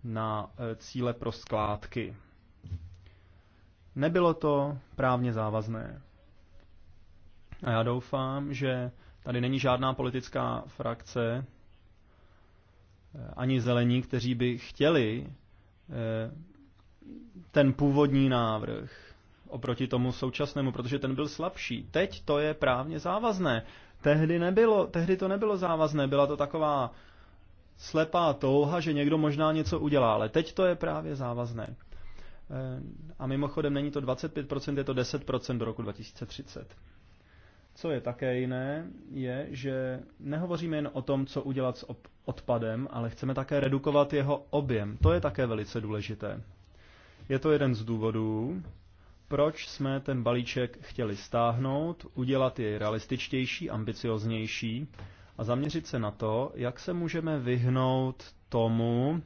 na e, cíle pro skládky. Nebylo to právně závazné. A já doufám, že tady není žádná politická frakce, e, ani zelení, kteří by chtěli e, ten původní návrh oproti tomu současnému, protože ten byl slabší. Teď to je právně závazné. Tehdy, nebylo, tehdy to nebylo závazné, byla to taková slepá touha, že někdo možná něco udělá, ale teď to je právě závazné. Eh, a mimochodem není to 25%, je to 10% do roku 2030. Co je také jiné, je, že nehovoříme jen o tom, co udělat s odpadem, ale chceme také redukovat jeho objem. To je také velice důležité. Je to jeden z důvodů, proč jsme ten balíček chtěli stáhnout, udělat jej realističtější, ambicioznější a zaměřit se na to, jak se můžeme vyhnout tomu,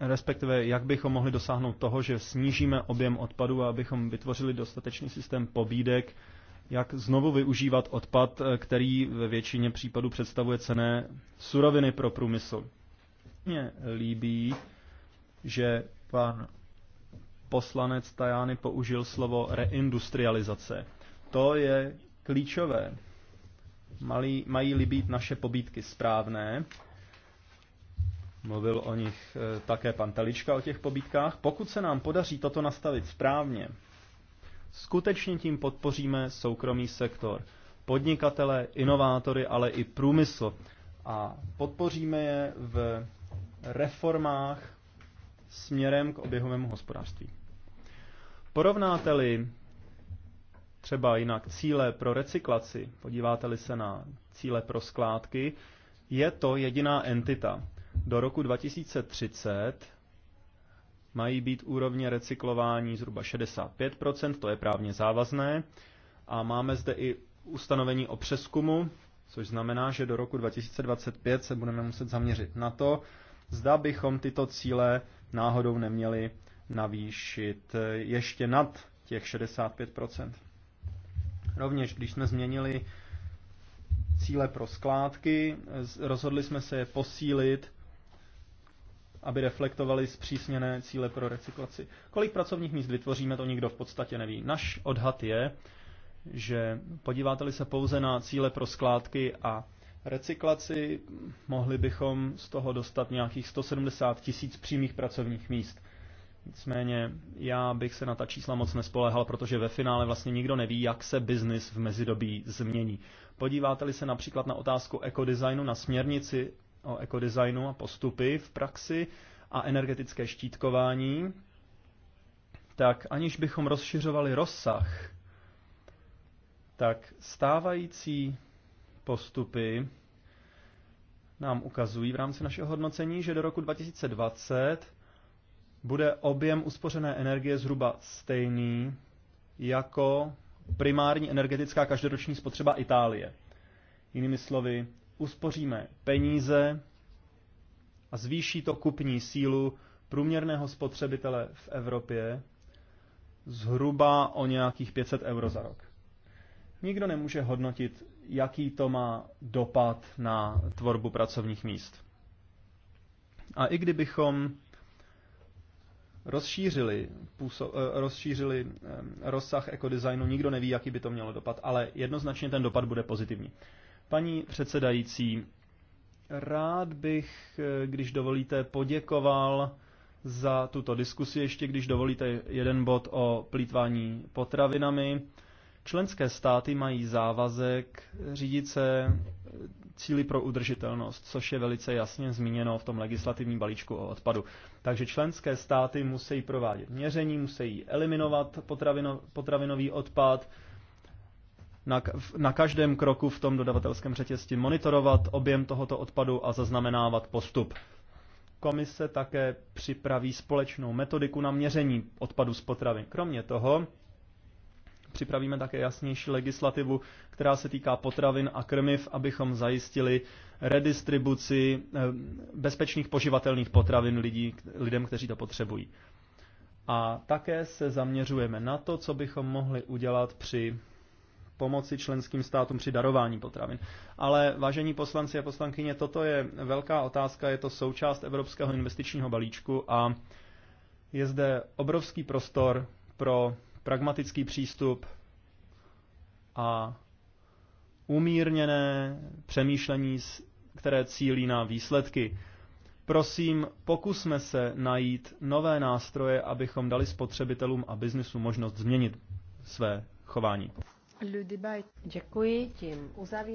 respektive jak bychom mohli dosáhnout toho, že snížíme objem odpadu a abychom vytvořili dostatečný systém pobídek, jak znovu využívat odpad, který ve většině případů představuje cené suroviny pro průmysl. Mně líbí, že pan poslanec Tajány použil slovo reindustrializace. To je klíčové. Malí, mají-li být naše pobídky správné, mluvil o nich eh, také pan Telička o těch pobídkách, pokud se nám podaří toto nastavit správně, skutečně tím podpoříme soukromý sektor, podnikatele, inovátory, ale i průmysl a podpoříme je v reformách směrem k oběhovému hospodářství. Porovnáte-li třeba jinak cíle pro recyklaci, podíváte-li se na cíle pro skládky, je to jediná entita. Do roku 2030 mají být úrovně recyklování zhruba 65%, to je právně závazné, a máme zde i ustanovení o přeskumu, což znamená, že do roku 2025 se budeme muset zaměřit na to, zda bychom tyto cíle náhodou neměli navýšit ještě nad těch 65%. Rovněž, když jsme změnili cíle pro skládky, rozhodli jsme se je posílit, aby reflektovali zpřísněné cíle pro recyklaci. Kolik pracovních míst vytvoříme, to nikdo v podstatě neví. Naš odhad je, že podíváte-li se pouze na cíle pro skládky a recyklaci, mohli bychom z toho dostat nějakých 170 tisíc přímých pracovních míst. Nicméně já bych se na ta čísla moc nespolehal, protože ve finále vlastně nikdo neví, jak se biznis v mezidobí změní. Podíváte-li se například na otázku ekodesignu, na směrnici o ekodesignu a postupy v praxi a energetické štítkování, tak aniž bychom rozšiřovali rozsah, tak stávající postupy nám ukazují v rámci našeho hodnocení, že do roku 2020 bude objem uspořené energie zhruba stejný jako primární energetická každoroční spotřeba Itálie. Jinými slovy, uspoříme peníze a zvýší to kupní sílu průměrného spotřebitele v Evropě zhruba o nějakých 500 euro za rok. Nikdo nemůže hodnotit jaký to má dopad na tvorbu pracovních míst. A i kdybychom rozšířili, působ, eh, rozšířili eh, rozsah ekodesignu, nikdo neví, jaký by to mělo dopad, ale jednoznačně ten dopad bude pozitivní. Paní předsedající, rád bych, eh, když dovolíte, poděkoval za tuto diskusi, ještě když dovolíte jeden bod o plítvání potravinami. Členské státy mají závazek řídit se e, cíly pro udržitelnost, což je velice jasně zmíněno v tom legislativním balíčku o odpadu. Takže členské státy musí provádět měření, musí eliminovat potravino, potravinový odpad, na, na každém kroku v tom dodavatelském řetězci monitorovat objem tohoto odpadu a zaznamenávat postup. Komise také připraví společnou metodiku na měření odpadu z potravin. Kromě toho připravíme také jasnější legislativu, která se týká potravin a krmiv, abychom zajistili redistribuci eh, bezpečných poživatelných potravin lidí, lidem, kteří to potřebují. A také se zaměřujeme na to, co bychom mohli udělat při pomoci členským státům při darování potravin. Ale vážení poslanci a poslankyně, toto je velká otázka, je to součást Evropského investičního balíčku a je zde obrovský prostor pro pragmatický přístup a umírněné přemýšlení, které cílí na výsledky. Prosím, pokusme se najít nové nástroje, abychom dali spotřebitelům a biznesu možnost změnit své chování. Děkuji, tím uzavírám.